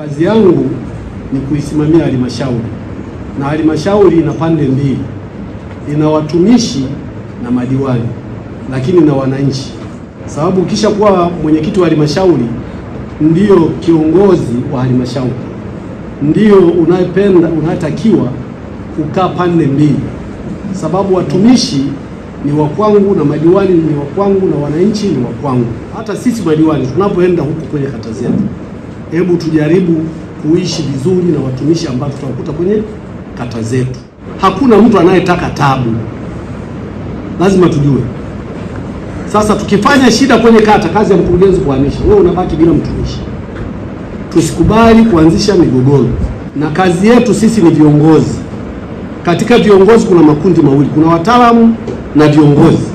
Kazi yangu ni kuisimamia halmashauri, na halmashauri ina pande mbili, ina watumishi na madiwani, lakini na wananchi, sababu kisha kuwa mwenyekiti wa halmashauri ndio kiongozi wa halmashauri, ndio unayependa unatakiwa kukaa pande mbili, sababu watumishi ni wa kwangu na madiwani ni wa kwangu na wananchi ni wa kwangu. Hata sisi madiwani tunapoenda huku kwenye kata zetu hebu tujaribu kuishi vizuri na watumishi ambao tutawakuta kwenye kata zetu. Hakuna mtu anayetaka tabu, lazima tujue. Sasa tukifanya shida kwenye kata, kazi ya mkurugenzi kuhamisha, wewe unabaki bila mtumishi. Tusikubali kuanzisha migogoro, na kazi yetu sisi ni viongozi. Katika viongozi kuna makundi mawili, kuna wataalamu na viongozi.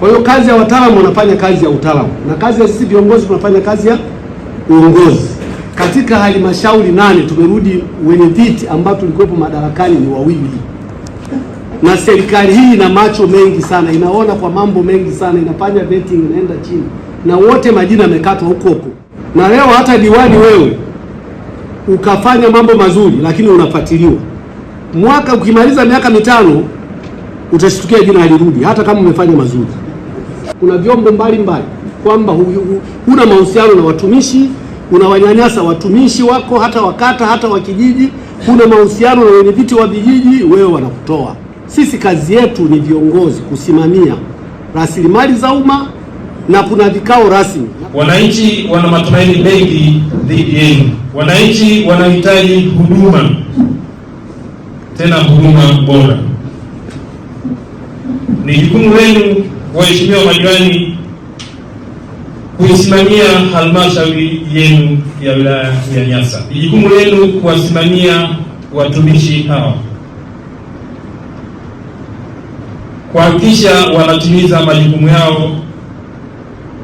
Kwa hiyo kazi ya wataalamu wanafanya kazi ya utaalamu na kazi ya sisi viongozi tunafanya kazi ya uongozi katika halmashauri nane tumerudi wenye viti ambao tulikuwepo madarakani ni wawili, na serikali hii ina macho mengi sana, inaona kwa mambo mengi sana, inafanya vetting, inaenda chini, na wote majina yamekatwa huko huko. Na leo hata diwani wewe ukafanya mambo mazuri, lakini unafuatiliwa mwaka, ukimaliza miaka mitano utashtukia jina halirudi, hata kama umefanya mazuri. Kuna vyombo mbalimbali kwamba huna mahusiano na watumishi unawanyanyasa watumishi wako, hata wakata, hata wa kijiji. Kuna mahusiano na wenyeviti wa vijiji, wewe wanakutoa. Sisi kazi yetu ni viongozi kusimamia rasilimali za umma na kuna vikao rasmi. Wananchi wana matumaini mengi dhidi yenu. Wananchi wanahitaji huduma, tena huduma bora. Ni jukumu lenu, waheshimiwa madiwani kuisimamia halmashauri yenu ya wilaya ya Nyasa. Ni jukumu lenu kuwasimamia watumishi hawa, kuhakikisha wanatimiza majukumu yao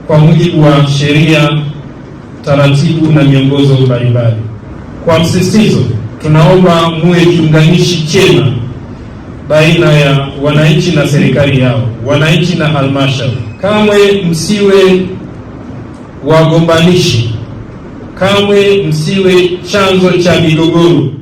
kwa mujibu wa sheria, taratibu na miongozo mbalimbali. Kwa msisitizo, tunaomba muwe kiunganishi chema baina ya wananchi na serikali yao, wananchi na halmashauri. Kamwe msiwe wagombanishi, kamwe msiwe chanzo cha migogoro.